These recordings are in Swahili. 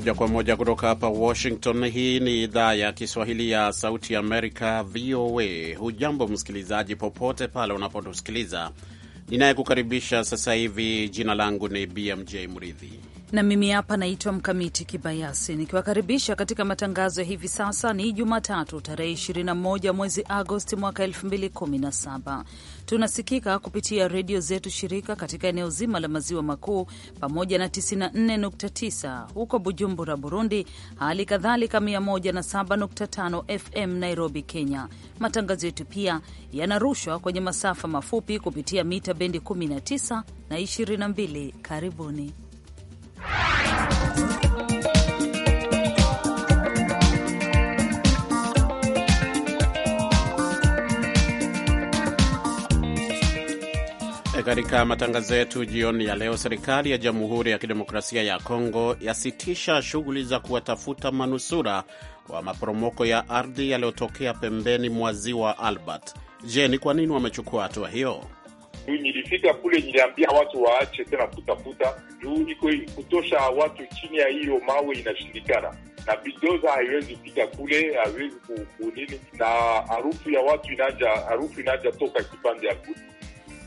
moja kwa moja kutoka hapa Washington. Hii ni idhaa ya Kiswahili ya Sauti ya Amerika, VOA. Hujambo msikilizaji, popote pale unapotusikiliza. Ninayekukaribisha sasa hivi, jina langu ni BMJ Mridhi na mimi hapa naitwa Mkamiti Kibayasi nikiwakaribisha katika matangazo ya hivi sasa. Ni Jumatatu tarehe 21 mwezi Agosti mwaka 2017. Tunasikika kupitia redio zetu shirika katika eneo zima la maziwa makuu pamoja na 94.9 huko Bujumbura, Burundi, hali kadhalika 107.5 FM Nairobi, Kenya. Matangazo yetu pia yanarushwa kwenye masafa mafupi kupitia mita bendi 19 na 22. Karibuni. E, katika matangazo yetu jioni ya leo, serikali ya Jamhuri ya Kidemokrasia ya Kongo yasitisha shughuli za kuwatafuta manusura kwa maporomoko ya ardhi yaliyotokea pembeni mwa ziwa Albert. Je, ni kwa nini wamechukua hatua hiyo? Nilifika kule, niliambia watu waache tena kutafuta juu iko kutosha watu chini ya hiyo mawe inashindikana, na bidoza haiwezi pita kule, haiwezi kunini, na harufu ya watu inaja, harufu inaja toka kipande ya kule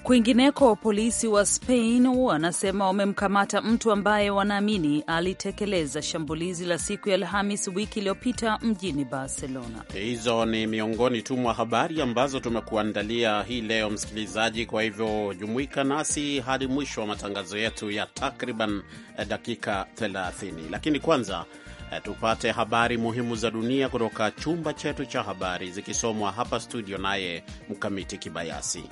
Kwingineko, polisi wa Spain wanasema wamemkamata mtu ambaye wanaamini alitekeleza shambulizi la siku ya Alhamis wiki iliyopita mjini Barcelona. Hizo ni miongoni tu mwa habari ambazo tumekuandalia hii leo, msikilizaji. Kwa hivyo jumuika nasi hadi mwisho wa matangazo yetu ya takriban eh, dakika 30, lakini kwanza eh, tupate habari muhimu za dunia kutoka chumba chetu cha habari, zikisomwa hapa studio naye Mkamiti Kibayasi.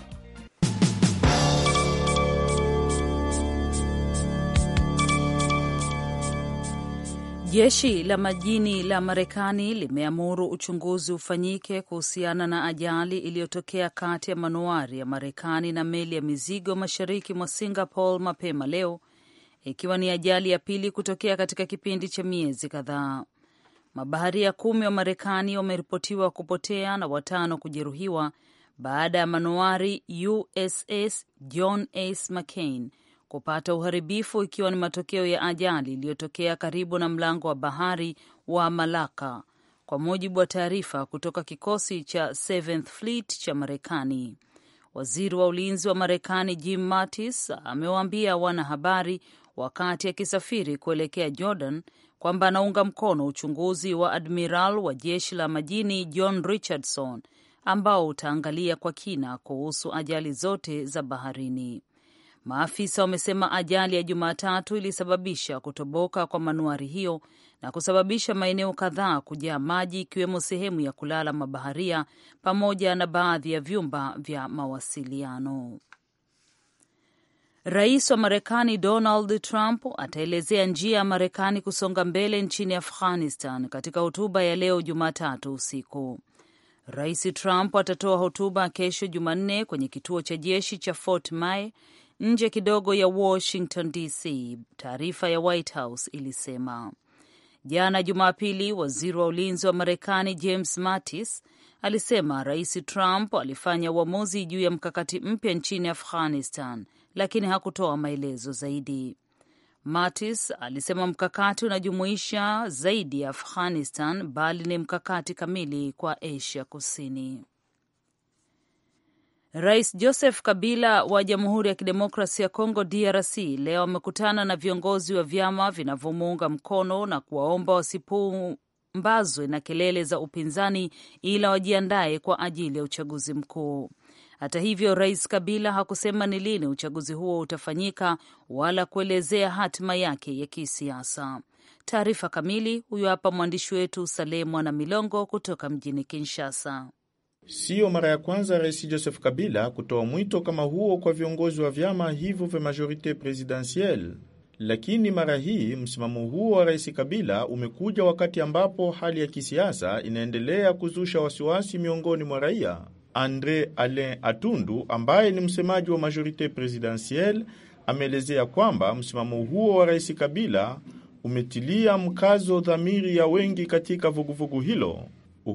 Jeshi la majini la Marekani limeamuru uchunguzi ufanyike kuhusiana na ajali iliyotokea kati ya manuari ya Marekani na meli ya mizigo mashariki mwa Singapore mapema leo, ikiwa ni ajali ya pili kutokea katika kipindi cha miezi kadhaa. Mabaharia kumi wa Marekani wameripotiwa kupotea na watano kujeruhiwa baada ya manuari USS John S. McCain kupata uharibifu ikiwa ni matokeo ya ajali iliyotokea karibu na mlango wa bahari wa Malaka, kwa mujibu wa taarifa kutoka kikosi cha Seventh Fleet cha Marekani. Waziri wa ulinzi wa Marekani Jim Mattis amewaambia wanahabari wakati akisafiri kuelekea Jordan kwamba anaunga mkono uchunguzi wa admiral wa jeshi la majini John Richardson ambao utaangalia kwa kina kuhusu ajali zote za baharini. Maafisa wamesema ajali ya Jumatatu ilisababisha kutoboka kwa manuari hiyo na kusababisha maeneo kadhaa kujaa maji ikiwemo sehemu ya kulala mabaharia pamoja na baadhi ya vyumba vya mawasiliano. Rais wa Marekani Donald Trump ataelezea njia ya Marekani kusonga mbele nchini Afghanistan katika hotuba ya leo Jumatatu usiku. Rais Trump atatoa hotuba kesho Jumanne kwenye kituo cha jeshi cha Fort Myer nje kidogo ya Washington DC, taarifa ya White House ilisema jana Jumapili. Waziri wa ulinzi wa Marekani James Mattis alisema Rais Trump alifanya uamuzi juu ya mkakati mpya nchini Afghanistan, lakini hakutoa maelezo zaidi. Mattis alisema mkakati unajumuisha zaidi ya Afghanistan, bali ni mkakati kamili kwa Asia Kusini. Rais Joseph Kabila wa Jamhuri ya Kidemokrasi ya Kongo DRC leo amekutana na viongozi wa vyama vinavyomuunga mkono na kuwaomba wasipumbazwe na kelele za upinzani, ila wajiandaye kwa ajili ya uchaguzi mkuu. Hata hivyo, Rais Kabila hakusema ni lini uchaguzi huo utafanyika wala kuelezea hatima yake ya kisiasa. Taarifa kamili huyo hapa mwandishi wetu Saleh Mwana Milongo kutoka mjini Kinshasa. Siyo mara ya kwanza Rais Joseph Kabila kutoa mwito kama huo kwa viongozi wa vyama hivyo vya majorite presidentielle, lakini mara hii msimamo huo wa Rais Kabila umekuja wakati ambapo hali ya kisiasa inaendelea kuzusha wasiwasi miongoni mwa raia. Andre Alain Atundu ambaye ni msemaji wa majorite presidentielle ameelezea kwamba msimamo huo wa Rais Kabila umetilia mkazo dhamiri ya wengi katika vuguvugu vugu hilo.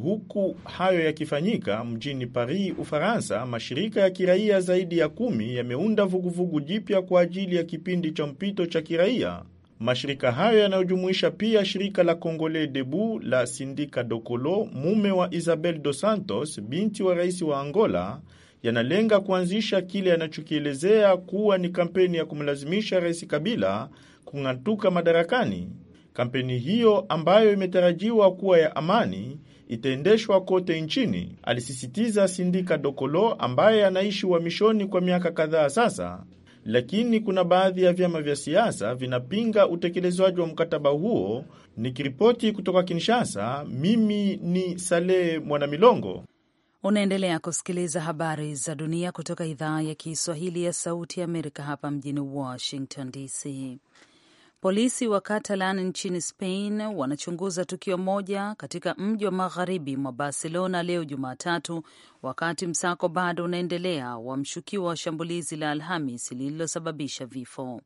Huku hayo yakifanyika mjini Paris, Ufaransa, mashirika ya kiraia zaidi ya kumi yameunda vuguvugu jipya kwa ajili ya kipindi cha mpito cha kiraia. Mashirika hayo yanayojumuisha pia shirika la Congolais Debout la Sindika Dokolo, mume wa Isabel Dos Santos, binti wa rais wa Angola, yanalenga kuanzisha kile yanachokielezea kuwa ni kampeni ya kumlazimisha Rais Kabila kung'atuka madarakani. Kampeni hiyo ambayo imetarajiwa kuwa ya amani itaendeshwa kote nchini, alisisitiza Sindika Dokolo ambaye anaishi uhamishoni kwa miaka kadhaa sasa. Lakini kuna baadhi ya vyama vya siasa vinapinga utekelezwaji wa mkataba huo. Nikiripoti kutoka Kinshasa, mimi ni Saleh Mwanamilongo. Unaendelea kusikiliza habari za dunia kutoka idhaa ya Kiswahili ya Sauti ya Amerika hapa mjini Washington DC. Polisi wa Catalan nchini Spain wanachunguza tukio moja katika mji wa magharibi mwa Barcelona leo Jumatatu, wakati msako bado unaendelea wa mshukiwa wa shambulizi la Alhamis lililosababisha vifo.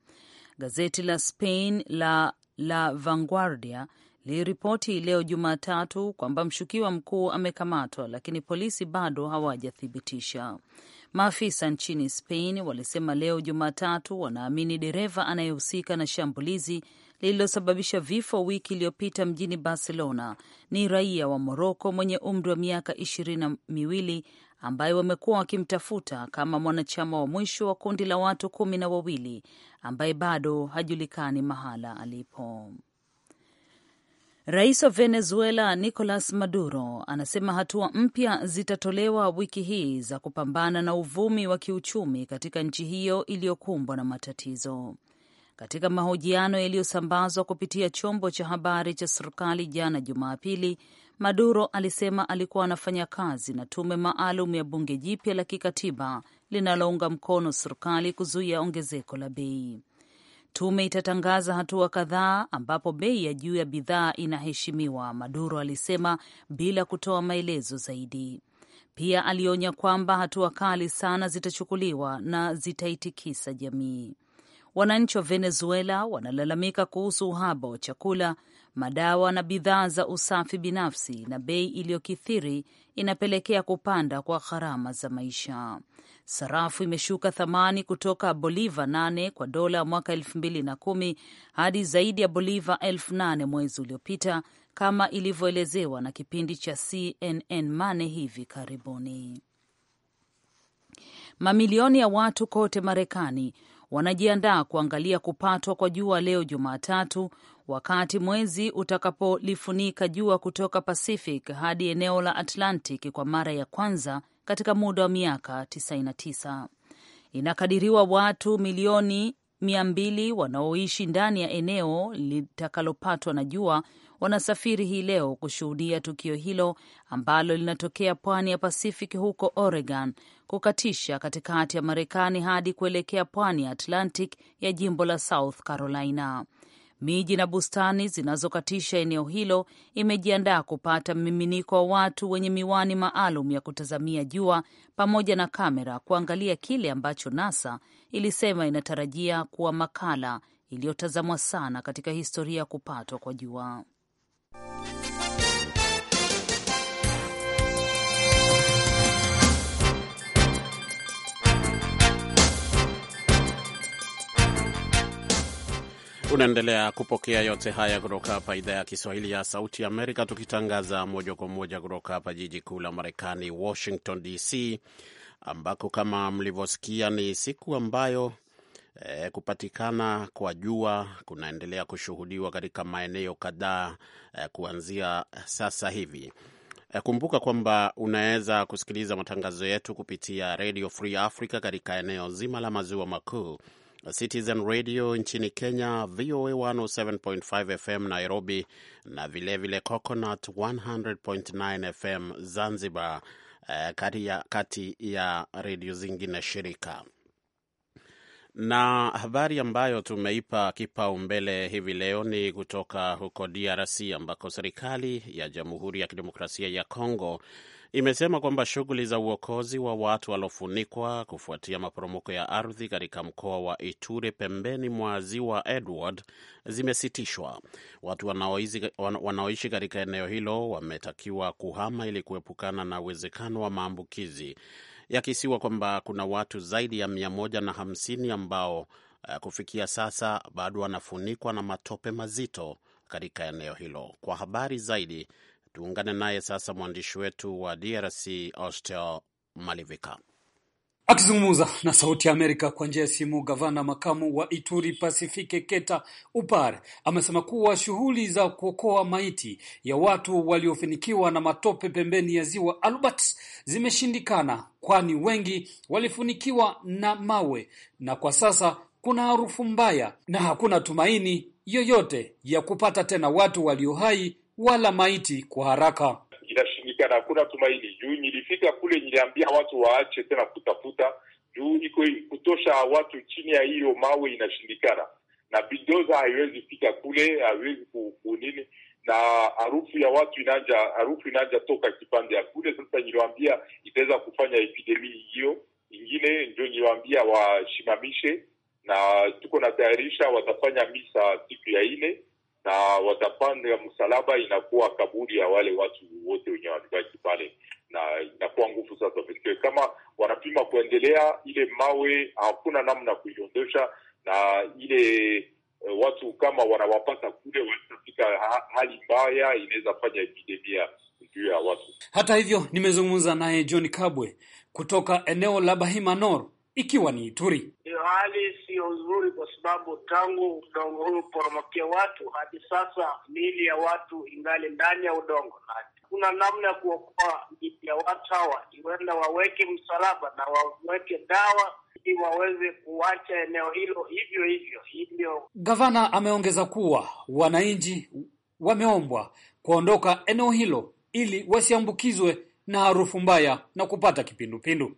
Gazeti la Spain la La Vanguardia liliripoti leo Jumatatu kwamba mshukiwa mkuu amekamatwa, lakini polisi bado hawajathibitisha. Maafisa nchini Spain walisema leo Jumatatu wanaamini dereva anayehusika na shambulizi lililosababisha vifo wiki iliyopita mjini Barcelona ni raia wa Moroko mwenye umri wa miaka ishirini na miwili ambaye wamekuwa wakimtafuta kama mwanachama wa mwisho wa kundi la watu kumi na wawili ambaye bado hajulikani mahala alipo. Rais wa Venezuela Nicolas Maduro anasema hatua mpya zitatolewa wiki hii za kupambana na uvumi wa kiuchumi katika nchi hiyo iliyokumbwa na matatizo. Katika mahojiano yaliyosambazwa kupitia chombo cha habari cha serikali jana Jumapili, Maduro alisema alikuwa anafanya kazi na tume maalum ya bunge jipya la kikatiba linalounga mkono serikali kuzuia ongezeko la bei. Tume itatangaza hatua kadhaa ambapo bei ya juu ya bidhaa inaheshimiwa, Maduro alisema bila kutoa maelezo zaidi. Pia alionya kwamba hatua kali sana zitachukuliwa na zitaitikisa jamii. Wananchi wa Venezuela wanalalamika kuhusu uhaba wa chakula madawa na bidhaa za usafi binafsi na bei iliyokithiri inapelekea kupanda kwa gharama za maisha. Sarafu imeshuka thamani kutoka boliva 8 kwa dola mwaka elfu na hadi zaidi ya boliva elfu mwezi uliopita kama ilivyoelezewa na kipindi cha CNN Money hivi karibuni. Mamilioni ya watu kote Marekani wanajiandaa kuangalia kupatwa kwa jua leo Jumatatu, wakati mwezi utakapolifunika jua kutoka Pacific hadi eneo la Atlantic kwa mara ya kwanza katika muda wa miaka 99. Inakadiriwa watu milioni mia mbili wanaoishi ndani ya eneo litakalopatwa na jua wanasafiri hii leo kushuhudia tukio hilo ambalo linatokea pwani ya Pacific huko Oregon, kukatisha katikati ya Marekani hadi kuelekea pwani ya Atlantic ya jimbo la South Carolina. Miji na bustani zinazokatisha eneo hilo imejiandaa kupata mmiminiko wa watu wenye miwani maalum ya kutazamia jua pamoja na kamera kuangalia kile ambacho NASA ilisema inatarajia kuwa makala iliyotazamwa sana katika historia ya kupatwa kwa jua. Unaendelea kupokea yote haya kutoka hapa idhaa ya Kiswahili ya Sauti ya Amerika, tukitangaza moja kwa moja kutoka hapa jiji kuu la Marekani, Washington DC, ambako kama mlivyosikia ni siku ambayo E, kupatikana kwa jua kunaendelea kushuhudiwa katika maeneo kadhaa e, kuanzia sasa hivi. E, kumbuka kwamba unaweza kusikiliza matangazo yetu kupitia Radio Free Africa katika eneo zima la maziwa makuu Citizen Radio nchini Kenya, VOA 107.5 FM Nairobi, na vilevile vile Coconut 100.9 FM Zanzibar, eh, kati ya, kati ya redio zingine shirika na habari ambayo tumeipa kipaumbele hivi leo ni kutoka huko DRC ambako serikali ya Jamhuri ya Kidemokrasia ya congo imesema kwamba shughuli za uokozi wa watu waliofunikwa kufuatia maporomoko ya ardhi katika mkoa wa Ituri pembeni mwa ziwa Edward zimesitishwa. Watu wanaoishi katika eneo hilo wametakiwa kuhama ili kuepukana na uwezekano wa maambukizi, yakisiwa kwamba kuna watu zaidi ya 150 ambao eh, kufikia sasa bado wanafunikwa na matope mazito katika eneo hilo. Kwa habari zaidi Tuungane naye sasa mwandishi wetu wa DRC Austel Malivika akizungumza na Sauti ya Amerika kwa njia ya simu. Gavana makamu wa Ituri Pasifike Keta upar amesema kuwa shughuli za kuokoa maiti ya watu waliofunikiwa na matope pembeni ya ziwa Albert zimeshindikana, kwani wengi walifunikiwa na mawe na kwa sasa kuna harufu mbaya na hakuna tumaini yoyote ya kupata tena watu walio hai wala maiti kwa haraka. Inashindikana, hakuna tumaini juu nilifika kule, niliambia watu waache tena kutafuta juu iko kutosha watu chini ya hiyo mawe, inashindikana na bidoza haiwezi fika kule, haiwezi kunini na harufu ya watu inaja, harufu inaja toka kipande ya kule. Sasa niliwambia itaweza kufanya epidemii hiyo ingine, ndio niliwambia washimamishe, na tuko na tayarisha, watafanya misa siku ya ine na watapanda msalaba, inakuwa kaburi ya wale watu wote wenye walibaki pale, na inakuwa nguvu sasa, kama wanapima kuendelea ile mawe, hakuna namna kuiondosha na ile eh, watu kama wanawapata kule wanafika hali mbaya, inaweza fanya epidemia juu ya watu. Hata hivyo, nimezungumza naye John Kabwe kutoka eneo la Bahima Nor ikiwa ni Ituri. Hiyo hali siyo nzuri, kwa sababu tangu udongo huu poromokia watu hadi sasa miili ya watu ingali ndani ya udongo, na kuna namna ya kuokoa miili ya watu hawa, iwenda waweke msalaba na waweke dawa ili waweze kuacha eneo hilo hivyo hivyo hivyo. Gavana ameongeza kuwa wananchi wameombwa kuondoka eneo hilo ili wasiambukizwe na harufu mbaya na kupata kipindupindu.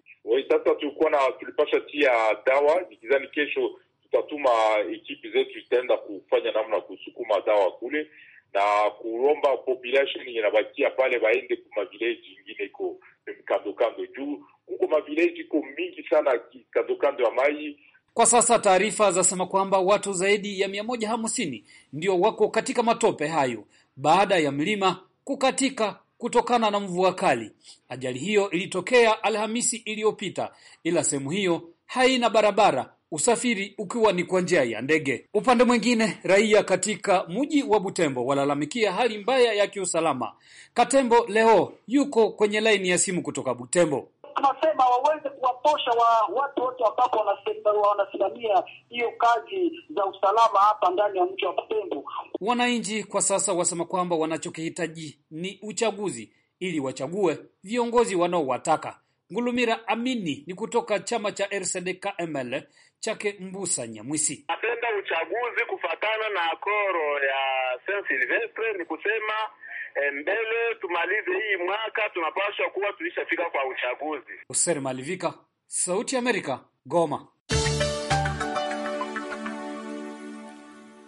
Sasa tulikuwa na tulipasha tia dawa, nikizani kesho tutatuma ekipi zetu zitaenda kufanya namna ya kusukuma dawa kule na kuomba population inabakia pale waende ku mavileji ingine iko kando kando, juu huko mavileji iko mingi sana kando kando ya maji. Kwa sasa taarifa zasema kwamba watu zaidi ya mia moja hamsini ndio wako katika matope hayo baada ya mlima kukatika kutokana na mvua kali. Ajali hiyo ilitokea Alhamisi iliyopita, ila sehemu hiyo haina barabara, usafiri ukiwa ni kwa njia ya ndege. Upande mwingine, raia katika mji wa Butembo walalamikia hali mbaya ya kiusalama. Katembo leo yuko kwenye laini ya simu kutoka Butembo tunasema waweze kuwatosha wa watu wote ambapo wanasimamia hiyo kazi za usalama hapa ndani ya mji wa Butembo. Wananchi kwa sasa wasema kwamba wanachokihitaji ni uchaguzi ili wachague viongozi wanaowataka. Ngulumira Amini ni kutoka chama cha RCD-KML chake Mbusa Nyamwisi. Napenda uchaguzi kufatana na akoro ya Saint Silvestre, ni kusema Eh, mbele tumalize hii mwaka, tunapaswa kuwa tulishafika kwa uchaguzi. Useri Malivika, Sauti ya Amerika, Goma.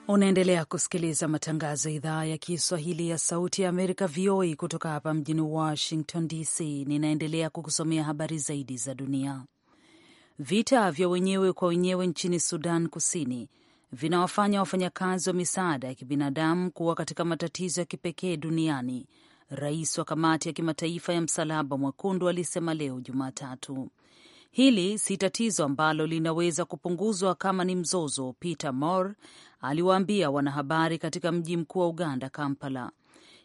Unaendelea kusikiliza matangazo ya idhaa ya Kiswahili ya Sauti ya Amerika, VOA, kutoka hapa mjini Washington DC. Ninaendelea kukusomea habari zaidi za dunia. Vita vya wenyewe kwa wenyewe nchini Sudan Kusini vinawafanya wafanyakazi wa misaada ya kibinadamu kuwa katika matatizo ya kipekee duniani, rais wa kamati ya kimataifa ya Msalaba Mwekundu alisema leo Jumatatu. Hili si tatizo ambalo linaweza kupunguzwa kama ni mzozo, Peter Mor aliwaambia wanahabari katika mji mkuu wa Uganda, Kampala.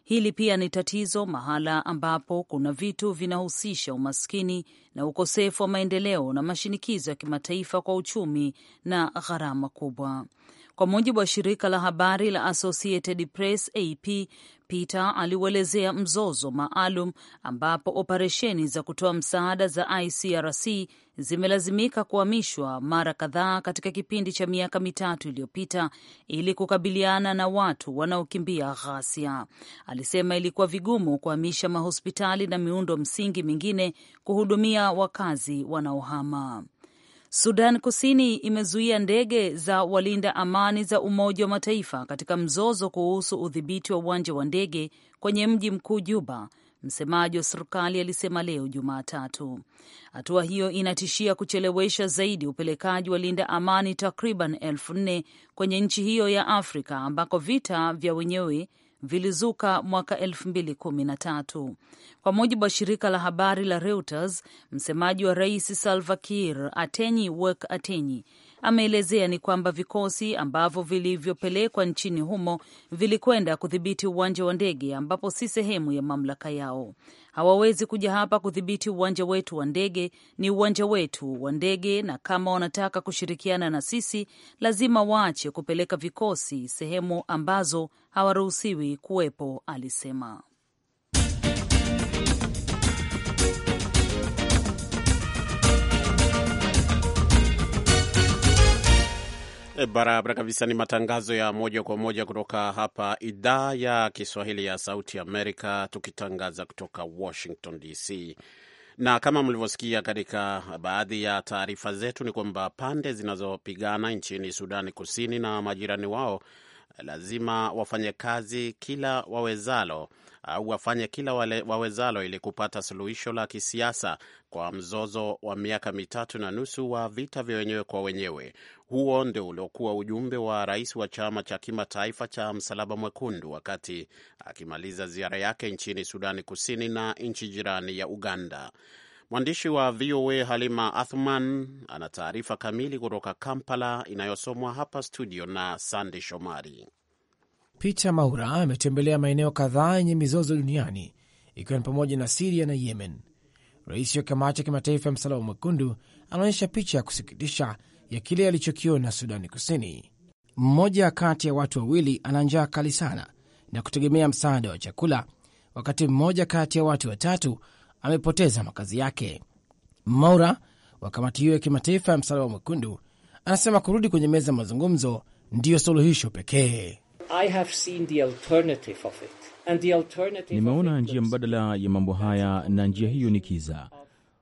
Hili pia ni tatizo mahala ambapo kuna vitu vinahusisha umaskini na ukosefu wa maendeleo na mashinikizo ya kimataifa kwa uchumi na gharama kubwa. Kwa mujibu wa shirika la habari la Associated Press AP, Peter aliuelezea mzozo maalum ambapo operesheni za kutoa msaada za ICRC zimelazimika kuhamishwa mara kadhaa katika kipindi cha miaka mitatu iliyopita ili kukabiliana na watu wanaokimbia ghasia. Alisema ilikuwa vigumu kuhamisha mahospitali na miundo msingi mingine kuhudumia wakazi wanaohama. Sudan Kusini imezuia ndege za walinda amani za Umoja wa Mataifa katika mzozo kuhusu udhibiti wa uwanja wa ndege kwenye mji mkuu Juba. Msemaji wa serikali alisema leo Jumatatu hatua hiyo inatishia kuchelewesha zaidi upelekaji wa linda amani takriban elfu nne kwenye nchi hiyo ya Afrika ambako vita vya wenyewe vilizuka mwaka 2013 kwa mujibu wa shirika la habari la Reuters. Msemaji wa rais Salva Kiir, Atenyi Wek Atenyi, ameelezea ni kwamba vikosi ambavyo vilivyopelekwa nchini humo vilikwenda kudhibiti uwanja wa ndege ambapo si sehemu ya mamlaka yao hawawezi kuja hapa kudhibiti uwanja wetu wa ndege. Ni uwanja wetu wa ndege, na kama wanataka kushirikiana na sisi, lazima waache kupeleka vikosi sehemu ambazo hawaruhusiwi kuwepo, alisema. E, barabara kabisa, ni matangazo ya moja kwa moja kutoka hapa idhaa ya Kiswahili ya Sauti Amerika, tukitangaza kutoka Washington DC. Na kama mlivyosikia katika baadhi ya taarifa zetu, ni kwamba pande zinazopigana nchini Sudani Kusini na majirani wao lazima wafanye kazi kila wawezalo au wafanye kila wale wawezalo ili kupata suluhisho la kisiasa kwa mzozo wa miaka mitatu na nusu wa vita vya wenyewe kwa wenyewe. Huo ndio uliokuwa ujumbe wa rais wa chama cha kimataifa cha Msalaba Mwekundu wakati akimaliza ziara yake nchini Sudani Kusini na nchi jirani ya Uganda. Mwandishi wa VOA Halima Athman ana taarifa kamili kutoka Kampala, inayosomwa hapa studio na Sande Shomari. Peter Maura ametembelea maeneo kadhaa yenye mizozo duniani ikiwa ni pamoja na Siria na Yemen. Rais wa kamati ya kimataifa ya Msalaba Mwekundu anaonyesha picha ya kusikitisha ya kile alichokiona Sudani Kusini. Mmoja kati ya watu wawili ana njaa kali sana na kutegemea msaada wa chakula, wakati mmoja kati ya watu watatu amepoteza makazi yake. Maura wa kamati hiyo ya kimataifa ya Msalaba Mwekundu anasema kurudi kwenye meza ya mazungumzo ndiyo suluhisho pekee. Nimeona njia mbadala ya mambo haya, na njia hiyo ni kiza.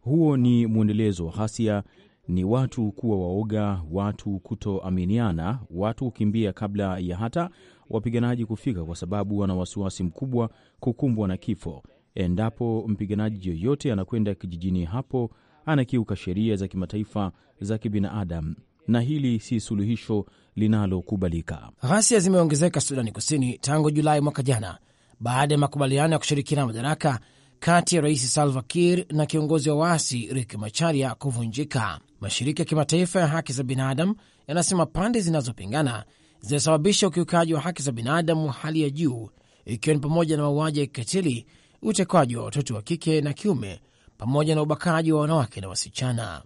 Huo ni mwendelezo wa ghasia, ni watu kuwa waoga, watu kutoaminiana, watu kukimbia kabla ya hata wapiganaji kufika, kwa sababu wana wasiwasi mkubwa kukumbwa na kifo endapo mpiganaji yoyote anakwenda kijijini hapo anakiuka sheria za kimataifa za kibinadamu na hili si suluhisho linalokubalika. Ghasia zimeongezeka Sudani Kusini tangu Julai mwaka jana baada ya makubaliano ya kushirikiana madaraka kati ya Rais Salva Kiir na kiongozi wa waasi Riek Macharia kuvunjika. Mashirika ya kimataifa ya haki za binadamu yanasema pande zinazopingana zinasababisha ukiukaji wa haki za binadamu hali ya juu, ikiwa ni pamoja na mauaji ya kikatili utekwaji wa watoto wa kike na kiume pamoja na ubakaji wa wanawake na wasichana.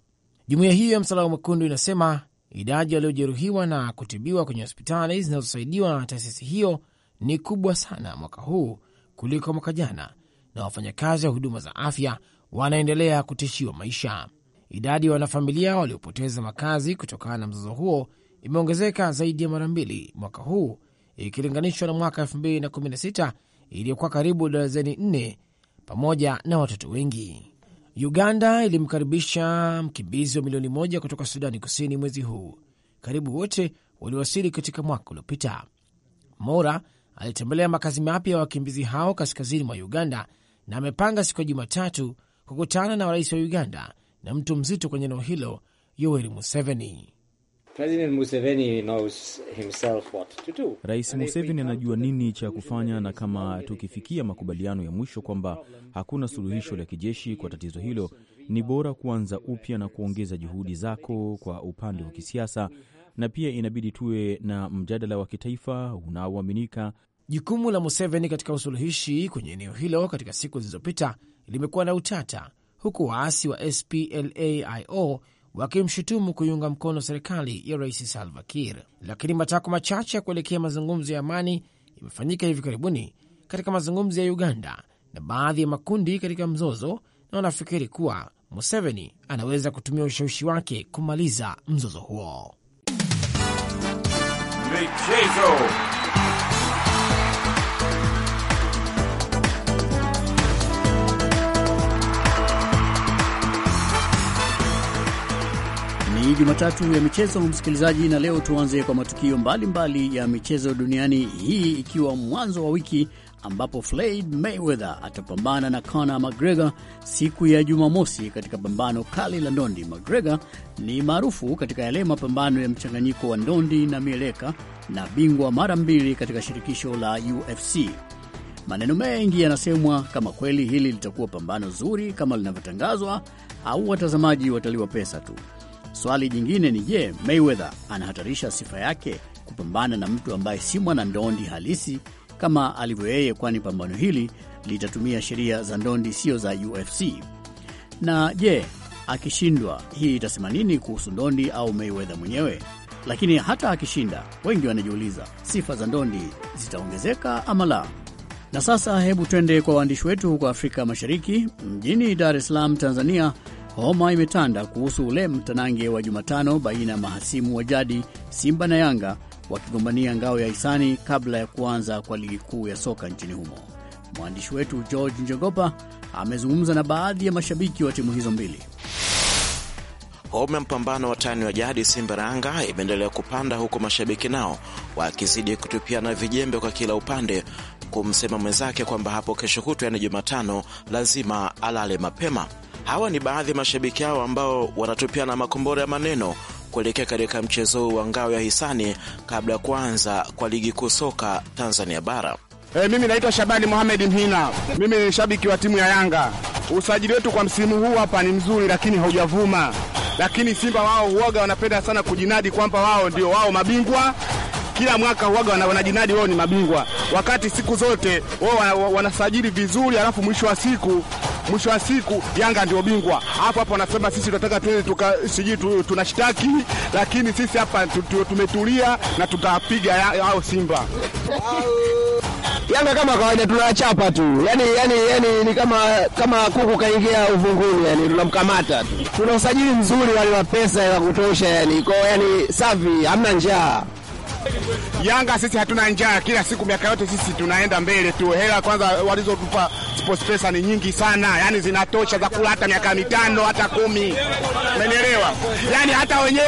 Jumuiya hiyo ya Msalaba Mwekundu inasema idadi waliojeruhiwa na kutibiwa kwenye hospitali zinazosaidiwa na taasisi hiyo ni kubwa sana mwaka huu kuliko mwaka jana, na wafanyakazi wa huduma za afya wanaendelea kutishiwa maisha. Idadi ya wanafamilia waliopoteza makazi kutokana na mzozo huo imeongezeka zaidi ya mara mbili mwaka huu ikilinganishwa na mwaka 2016 iliyokuwa karibu darazeni nne pamoja na watoto wengi. Uganda ilimkaribisha mkimbizi wa milioni moja kutoka Sudani Kusini mwezi huu. Karibu wote waliwasili katika mwaka uliopita. Mora alitembelea makazi mapya ya wakimbizi hao kaskazini mwa Uganda na amepanga siku ya Jumatatu kukutana na rais wa Uganda na mtu mzito kwenye eneo hilo Yoweri Museveni. Rais Museveni anajua nini cha kufanya, na kama tukifikia makubaliano ya mwisho kwamba hakuna suluhisho la kijeshi kwa tatizo hilo, ni bora kuanza upya na kuongeza juhudi zako kwa upande wa kisiasa, na pia inabidi tuwe na mjadala wa kitaifa unaoaminika. Jukumu la Museveni katika usuluhishi kwenye eneo hilo katika siku zilizopita limekuwa na utata, huku waasi wa SPLAIO wakimshutumu kuiunga mkono serikali ya rais Salva Kiir. Lakini matakwa machache ya kuelekea mazungumzo ya amani yamefanyika hivi karibuni katika mazungumzo ya Uganda na baadhi ya makundi katika mzozo, na wanafikiri kuwa Museveni anaweza kutumia ushawishi wake kumaliza mzozo huo. Michezo. Ni Jumatatu ya michezo, msikilizaji, na leo tuanze kwa matukio mbalimbali mbali ya michezo duniani, hii ikiwa mwanzo wa wiki ambapo Floyd Mayweather atapambana na Conor McGregor siku ya Jumamosi katika pambano kali la ndondi. McGregor ni maarufu katika yale mapambano ya mchanganyiko wa ndondi na mieleka na bingwa mara mbili katika shirikisho la UFC. Maneno mengi yanasemwa kama kweli hili litakuwa pambano zuri kama linavyotangazwa au watazamaji wataliwa pesa tu. Swali jingine ni je, Mayweather anahatarisha sifa yake kupambana na mtu ambaye si mwana ndondi halisi kama alivyo yeye, kwani pambano hili litatumia sheria za ndondi, sio za UFC? Na je, akishindwa, hii itasema nini kuhusu ndondi au Mayweather mwenyewe? Lakini hata akishinda, wengi wanajiuliza sifa za ndondi zitaongezeka ama la? Na sasa hebu twende kwa waandishi wetu huko Afrika Mashariki, mjini Dar es Salaam, Tanzania. Homa imetanda kuhusu ule mtanange wa Jumatano baina ya mahasimu wa jadi Simba na Yanga wakigombania ngao ya hisani kabla ya kuanza kwa ligi kuu ya soka nchini humo. Mwandishi wetu George Njogopa amezungumza na baadhi ya mashabiki wa timu hizo mbili. Homa ya mpambano wa tani wa jadi Simba na Yanga imeendelea kupanda huku mashabiki nao wakizidi kutupiana vijembe kwa kila upande, kumsema mwenzake kwamba hapo kesho kutwa, yani Jumatano, lazima alale mapema. Hawa ni baadhi ya mashabiki hao ambao wanatupiana makombora ya maneno kuelekea katika mchezo wa ngao ya hisani kabla ya kuanza kwa ligi kuu soka Tanzania Bara. Hey, eh, mimi naitwa Shabani Mohamed Mhina, mimi ni shabiki wa timu ya Yanga. Usajili wetu kwa msimu huu hapa ni mzuri, lakini haujavuma. Lakini Simba wao huoga, wanapenda sana kujinadi kwamba wao ndio wao mabingwa kila mwaka huaga wanajinadi wao ni mabingwa, wakati siku zote wao wanasajili vizuri, alafu mwisho wa siku mwisho wa siku Yanga ndio bingwa. Hapo hapo wanasema sisi tunataka tuende tuka sijui tu, tunashtaki, lakini sisi hapa tumetulia na tutapiga hao Simba. Yanga kama kawaida tunachapa tu, yani, yani, yani ni kama kama kuku kaingia uvunguni, yani tunamkamata tu. Tuna usajili mzuri, wale wa pesa ya kutosha, yani Kwa yani safi, hamna njaa. Yanga sisi hatuna njaa, kila siku miaka yote sisi tunaenda mbele tu. Hela kwanza walizotupa sports pesa ni nyingi sana, yani zinatosha za kula hata miaka mitano hata kumi, umenielewa? Yani hata wenyewe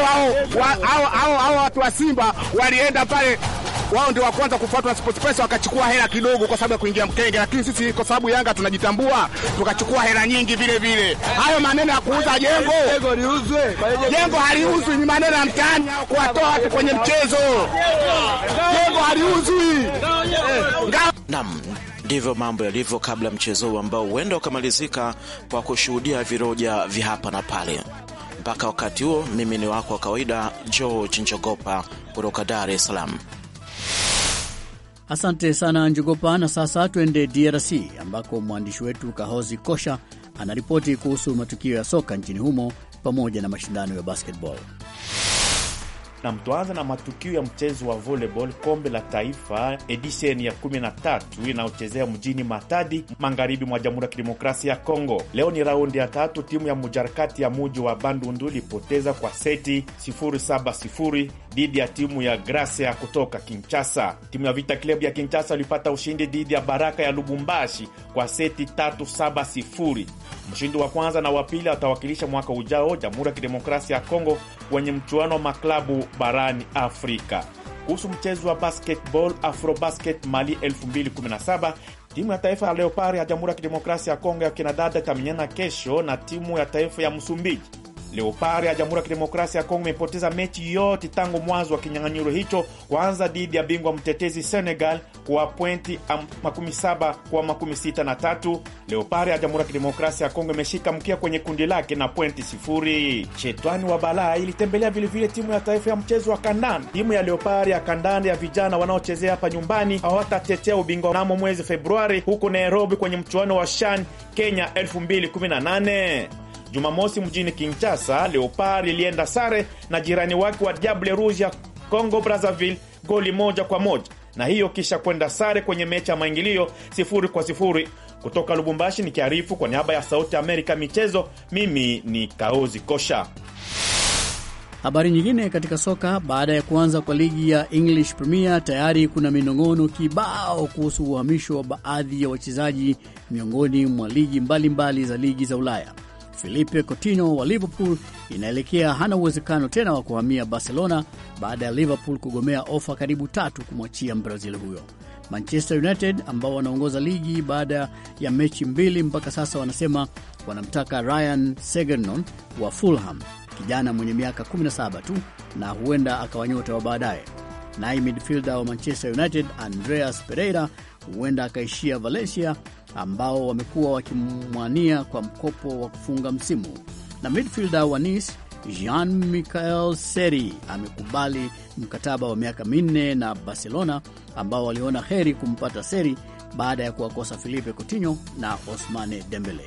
hao watu wa Simba walienda pale wao ndio wa kwanza kufuatwa na Pesa, wakachukua hela kidogo kwa sababu ya kuingia mkenge, lakini sisi kwa sababu Yanga tunajitambua tukachukua hela nyingi vile vile. Hayo maneno ya kuuza jengo jengo haliuzwi, ni maneno ya mtaani kuwatoa watu kwenye mchezo. Jengo haliuzwi. Naam, ndivyo mambo yalivyo kabla mchezo huu ambao huenda ukamalizika kwa kushuhudia viroja vya hapa na pale. Mpaka wakati huo, mimi ni wako wa kawaida George Njogopa kutoka Dar es Salaam. Asante sana Njogopa. Na sasa twende DRC ambako mwandishi wetu Kahozi Kosha anaripoti kuhusu matukio ya soka nchini humo pamoja na mashindano ya basketball na mtoanza na matukio ya mchezo wa volleyball kombe la taifa edition ya 13 inayochezea mjini Matadi, magharibi mwa Jamhuri ya Kidemokrasia ya Kongo. Leo ni raundi ya tatu, timu ya Mujarakati ya muji wa Bandundu ilipoteza kwa seti 0-7-0 dhidi ya timu ya ya kutoka Kinshasa. Timu ya Vita Club ya Kinshasa ilipata ushindi dhidi ya Baraka ya Lubumbashi kwa seti 3-7-0. Mshindi wa kwanza na wa pili atawakilisha mwaka ujao Jamhuri ya Kidemokrasia ya Kongo kwenye mchuano wa maklabu barani Afrika. Kuhusu mchezo wa basketball Afrobasket Mali 2017 timu ya taifa ya Leopard ya Jamhuri ya Kidemokrasia ya Kongo ya kinadada itamenyana kesho na timu ya taifa ya Msumbiji. Leopard ya Jamhuri ya Kidemokrasia ya Kongo imepoteza mechi yote tangu mwanzo wa kinyang'anyiro hicho, kwanza dhidi ya bingwa mtetezi Senegal kwa pointi makumi saba kwa makumi sita na tatu. Leopare ya Jamhuri ya Kidemokrasia ya Kongo imeshika mkia kwenye kundi lake na pointi sifuri. Shetani wa balaa ilitembelea vilevile timu ya taifa ya mchezo wa kandanda. Timu ya Leopare ya kandanda ya vijana wanaochezea hapa nyumbani hawatatetea ubingwa mnamo mwezi Februari huko Nairobi kwenye mchuano wa Shan Kenya 2018. Jumamosi mjini Kinshasa, Leopard ilienda sare na jirani wake wa Diable Rouge ya Congo Brazzaville goli moja kwa moja na hiyo kisha kwenda sare kwenye mechi ya maingilio sifuri kwa sifuri. Kutoka Lubumbashi kiarifu kwa niaba ya Sauti Amerika michezo, mimi ni Kaozi Kosha. Habari nyingine katika soka, baada ya kuanza kwa ligi ya English Premier tayari kuna minong'ono kibao kuhusu uhamisho wa baadhi ya wachezaji miongoni mwa ligi mbalimbali mbali za ligi za Ulaya. Felipe Coutinho wa Liverpool inaelekea hana uwezekano tena wa kuhamia Barcelona baada ya Liverpool kugomea ofa karibu tatu kumwachia Mbrazil huyo. Manchester United ambao wanaongoza ligi baada ya mechi mbili mpaka sasa, wanasema wanamtaka Ryan Segernon wa Fulham, kijana mwenye miaka 17 tu na huenda akawanyota wa baadaye. Naye midfielder wa Manchester United Andreas Pereira huenda akaishia Valencia ambao wamekuwa wakimwania kwa mkopo wa kufunga msimu, na midfielder wa Nice Jean Michael Seri amekubali mkataba wa miaka minne na Barcelona, ambao waliona heri kumpata Seri baada ya kuwakosa Filipe Coutinho na osmane Dembele.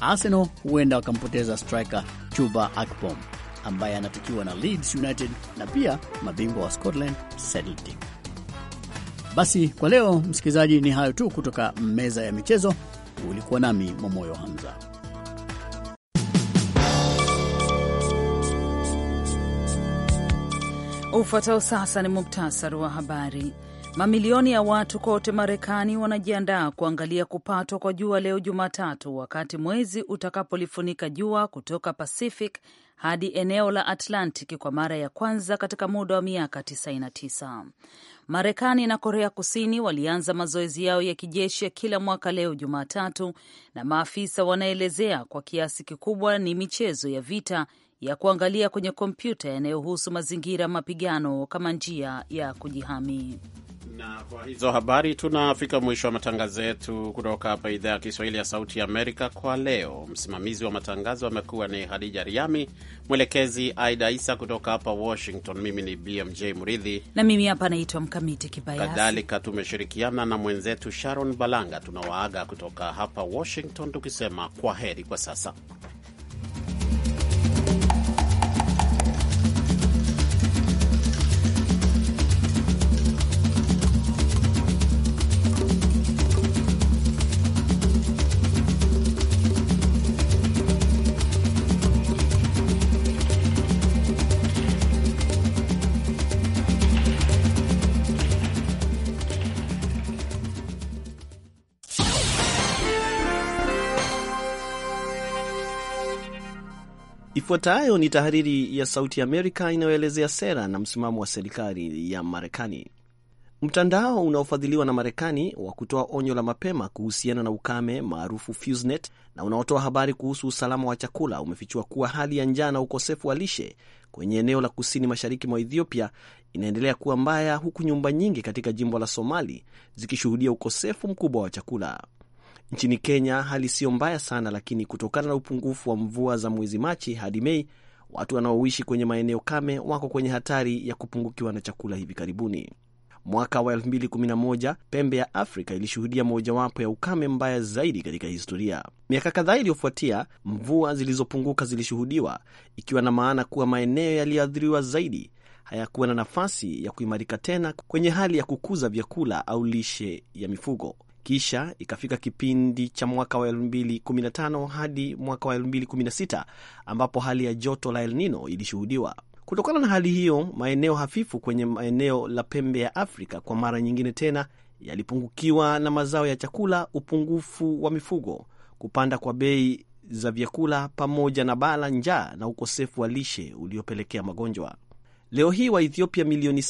Arsenal huenda wakampoteza striker Chuba Akpom ambaye anatakiwa na Leeds United na pia mabingwa wa Scotland Celtic. Basi kwa leo, msikilizaji, ni hayo tu kutoka meza ya michezo. Ulikuwa nami Momoyo Hamza. Ufuatao sasa ni muktasari wa habari. Mamilioni ya watu kote Marekani wanajiandaa kuangalia kupatwa kwa jua leo Jumatatu, wakati mwezi utakapolifunika jua kutoka Pacific hadi eneo la Atlantic kwa mara ya kwanza katika muda wa miaka 99. Marekani na Korea Kusini walianza mazoezi yao ya kijeshi ya kila mwaka leo Jumatatu, na maafisa wanaelezea kwa kiasi kikubwa ni michezo ya vita ya kuangalia kwenye kompyuta yanayohusu mazingira mapigano kama njia ya kujihami. Na kwa hizo habari tunafika mwisho wa matangazo yetu kutoka hapa idhaa ya Kiswahili ya Sauti Amerika kwa leo. Msimamizi wa matangazo amekuwa ni Hadija Riami, mwelekezi Aida Isa. Kutoka hapa Washington, mimi ni BMJ Mridhi na mimi hapa naitwa Mkamiti Kibayasi. Kadhalika tumeshirikiana na mwenzetu Sharon Balanga. Tunawaaga kutoka hapa Washington tukisema kwa heri kwa sasa. Ifuatayo ni tahariri ya Sauti Amerika inayoelezea sera na msimamo wa serikali ya Marekani. Mtandao unaofadhiliwa na Marekani wa kutoa onyo la mapema kuhusiana na ukame maarufu FuseNet na unaotoa habari kuhusu usalama wa chakula umefichua kuwa hali ya njaa na ukosefu wa lishe kwenye eneo la kusini mashariki mwa Ethiopia inaendelea kuwa mbaya, huku nyumba nyingi katika jimbo la Somali zikishuhudia ukosefu mkubwa wa chakula. Nchini Kenya hali siyo mbaya sana, lakini kutokana na upungufu wa mvua za mwezi Machi hadi Mei, watu wanaoishi kwenye maeneo kame wako kwenye hatari ya kupungukiwa na chakula hivi karibuni. Mwaka wa 2011 pembe ya Afrika ilishuhudia mojawapo ya ukame mbaya zaidi katika historia. Miaka kadhaa iliyofuatia, mvua zilizopunguka zilishuhudiwa, ikiwa na maana kuwa maeneo yaliyoathiriwa zaidi hayakuwa na nafasi ya kuimarika tena kwenye hali ya kukuza vyakula au lishe ya mifugo kisha ikafika kipindi cha mwaka wa 2015 hadi mwaka wa 2016 ambapo hali ya joto la El Nino ilishuhudiwa. Kutokana na hali hiyo, maeneo hafifu kwenye maeneo la pembe ya Afrika kwa mara nyingine tena yalipungukiwa na mazao ya chakula, upungufu wa mifugo, kupanda kwa bei za vyakula, pamoja na baa la njaa na ukosefu wa lishe uliopelekea magonjwa. Leo hii Waethiopia milioni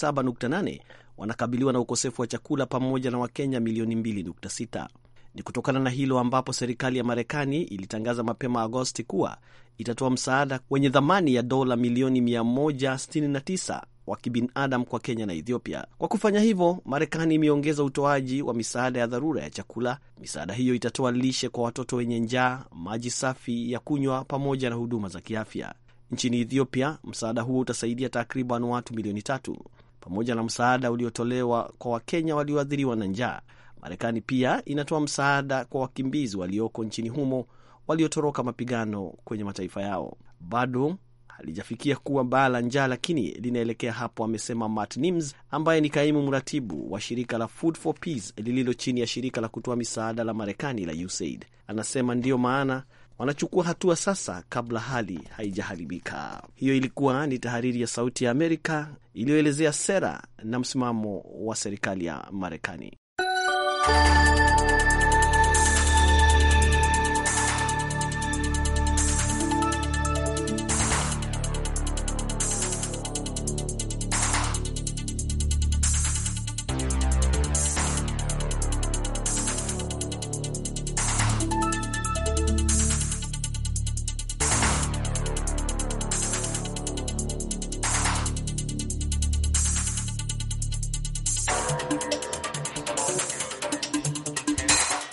wanakabiliwa na ukosefu wa chakula pamoja na Wakenya milioni 2.6. Ni kutokana na hilo ambapo serikali ya Marekani ilitangaza mapema Agosti kuwa itatoa msaada wenye thamani ya dola milioni 169 wa kibinadamu kwa Kenya na Ethiopia. Kwa kufanya hivyo, Marekani imeongeza utoaji wa misaada ya dharura ya chakula. Misaada hiyo itatoa lishe kwa watoto wenye njaa, maji safi ya kunywa, pamoja na huduma za kiafya. Nchini Ethiopia, msaada huo utasaidia takriban watu milioni tatu pamoja na msaada uliotolewa kwa Wakenya walioathiriwa na njaa. Marekani pia inatoa msaada kwa wakimbizi walioko nchini humo waliotoroka mapigano kwenye mataifa yao. Bado halijafikia kuwa baa la njaa, lakini linaelekea hapo, amesema Matt Nims ambaye ni kaimu mratibu wa shirika la Food for Peace lililo chini ya shirika la kutoa misaada la Marekani la USAID. Anasema ndiyo maana wanachukua hatua sasa kabla hali haijaharibika. Hiyo ilikuwa ni tahariri ya Sauti ya Amerika iliyoelezea sera na msimamo wa serikali ya Marekani.